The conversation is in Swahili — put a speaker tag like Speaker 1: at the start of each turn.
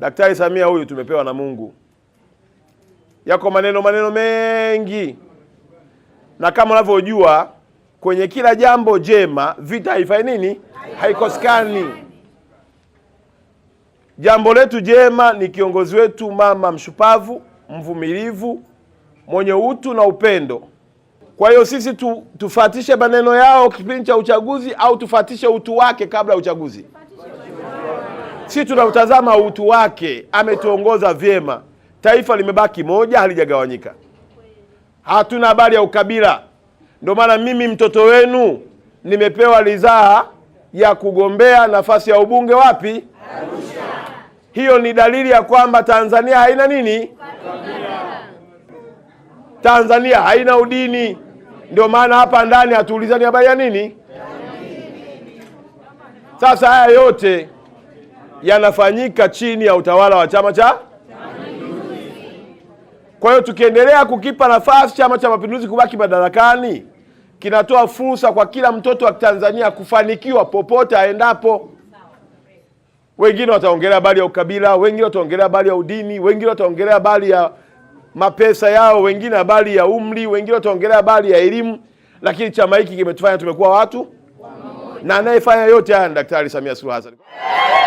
Speaker 1: Daktari Samia huyu tumepewa na Mungu. Yako maneno maneno mengi, na kama unavyojua kwenye kila jambo jema vita haifai nini, haikosekani. Jambo letu jema ni kiongozi wetu mama mshupavu, mvumilivu, mwenye utu na upendo. Kwa hiyo sisi tu, tufatishe maneno yao kipindi cha uchaguzi au tufatishe utu wake kabla ya uchaguzi? si tunautazama utu wake, ametuongoza vyema. Taifa limebaki moja, halijagawanyika. Hatuna habari ya ukabila. Ndio maana mimi mtoto wenu nimepewa ridhaa ya kugombea nafasi ya ubunge wapi? Arusha. Hiyo ni dalili ya kwamba Tanzania haina nini? Tanzania haina udini. Ndio maana hapa ndani hatuulizani habari ya nini. Sasa haya yote yanafanyika chini ya utawala wa Chama cha Mapinduzi. Kwa hiyo tukiendelea kukipa nafasi Chama cha Mapinduzi kubaki madarakani, kinatoa fursa kwa kila mtoto wa Tanzania kufanikiwa popote aendapo. Wengine wataongelea habari ya ukabila, wengine wataongelea habari ya udini, wengine wataongelea habari ya mapesa yao, wengine habari ya umri, wengine wataongelea habari ya elimu, lakini chama hiki kimetufanya tumekuwa watu na anayefanya yote haya ni Daktari Samia Suluhu Hassan.